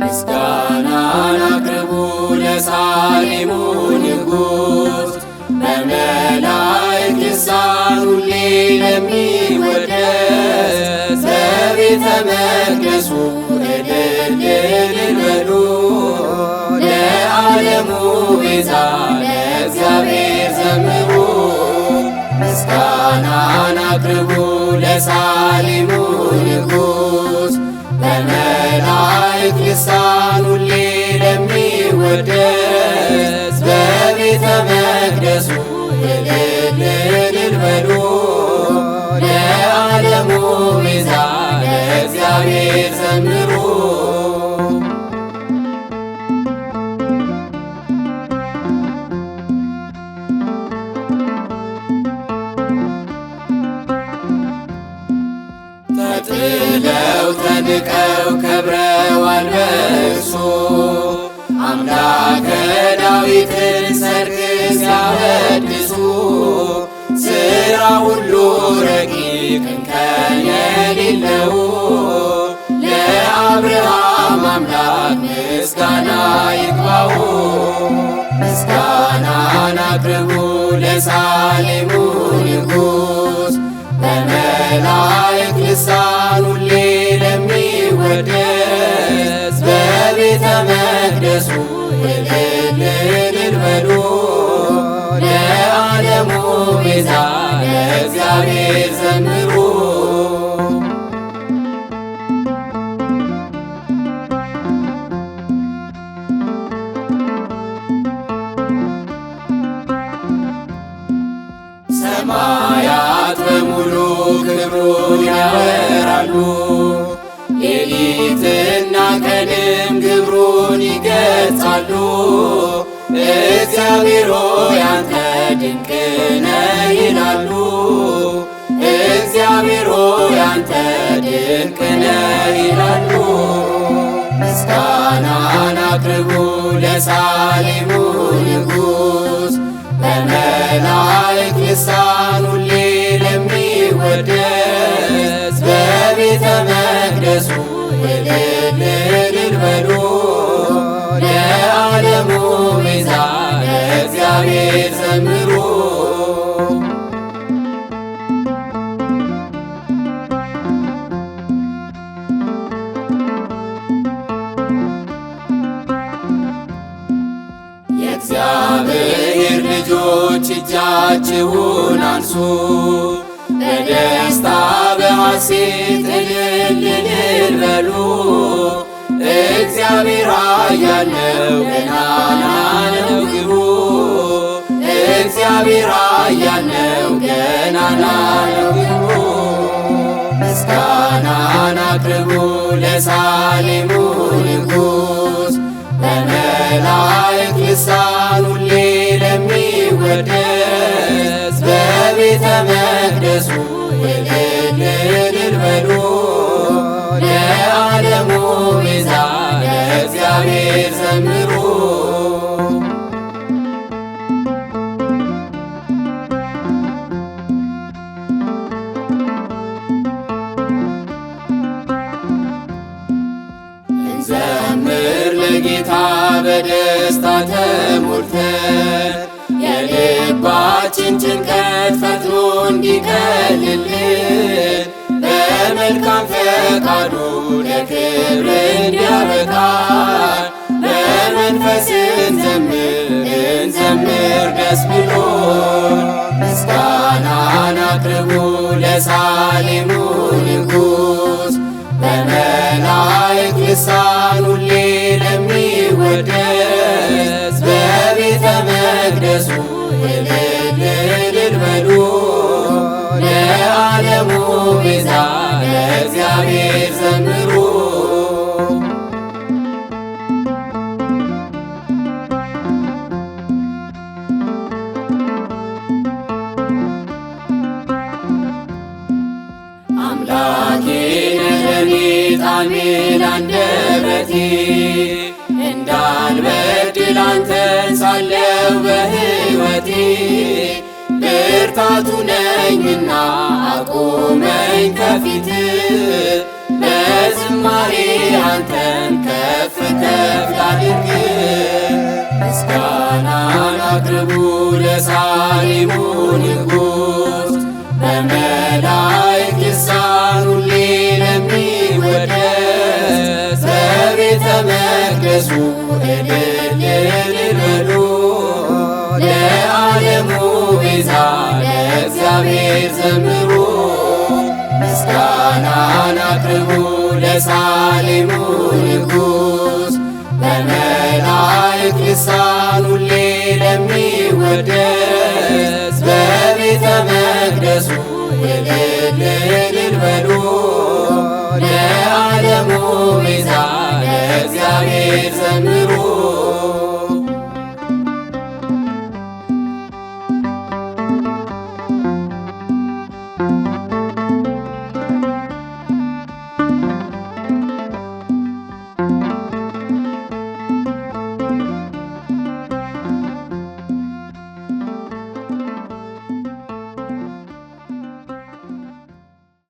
ምስጋናን አቅርቡ ለሳሌሙ ንጉሥ ለሚወደስ በቤተ መቅደሱ እልል በሉ ለዓለሙ ቤዛ ለእግዚአብሔር ዘምሩ ምስጋናን አቅርቡ ለሳሊሙ ንጉሥ በመላእክት ልሳን ሁሌ ለሚወደስ በቤተ መቅደሱ አድንቀው ከብረዋል በእርሱ አምላከ ዳዊትን ሰርግ ሲያበድሱ ስራ ሁሉ ረቂቅ እንከን የሌለው ለአብርሃም አምላክ ምስጋና ይግባው። ምስጋናን አቅርቡ ለሳሌሙ ንጉሥ በመላ ድረሱ እልልልን በሉ ለዓለሙ ቤዛ ለእግዚአብሔር ዘምሩ። ሰማያት በሙሉ ክብሩን ያበራሉ ሌሊትን ቀንም ግብሩን ይገልጻሉ። እግዚአብሔር ሆይ አንተ ድንቅ ነህ ይላሉ። እግዚአብሔር ሆይ አንተ ድንቅ ነህ ይላሉ። ምስጋናን አቅርቡ ለሳሌሙ ንጉሥ በመላእክት ልሳን ሁሌ ለሚወደስ በቤተ መቅደሱ لليل البلوغ لعالሙ ሚዛን እግዚአብሔር ዘምሩ የእግዚአብሔር ልጆች እጃችሁን አንሱ በደስታ በሐሴት እልልል እግዚአብሔር ኃያል ነው፣ ገናና ነው ግቡ። እግዚአብሔር ኃያል ነው፣ ገናና ነው ግቡ። ምስጋናን አቅርቡ ለሳሌሙ ንጉሥ በመላእክት ልሳን ሁሌ ለሚወደስ በቤተ መቅደሱ እግዚአብሔር ዘምሩ ለጌታ በደስታ ተሞልተን የልባችን ጭንቀት ፈጥኖ እንዲቀልልን በመልካም ፈቃዱ ለክብር እንዲያበቃ በመንፈስን ዘምር እንዘምር ደስ ብሎ ምስጋናን አቅርቡ ለሳሌሙ ንጉሥ በመላእክት ልሳን ሁሌ ለሚወደስ በቤተ መቅደሱ እልል እልል በሉ ለዓለሙ ቤዛ ለእግዚአብሔር አሜን አንደበቴ እንዳልበድል አንተን ሳለው በሕይወቴ ብርታቱ ነኝና አቁመኝ ከፊት በዝማሬ አንተን ከፍ ከፍ ላድርግ ምስጋናን አቅርቡ ለሳሌሙ ንጉሥ በመላ ድረሱ እልል በሉ ለዓለሙ ቤዛ ለእግዚአብሔር ዘምሩ ምስጋናን አቅርቡ ለሳሌሙ ንጉሥ በመላእክት ልሳን ሁሌ ለሚወደስ በቤተ መቅደሱ እልል በሉ Cause God is a moving.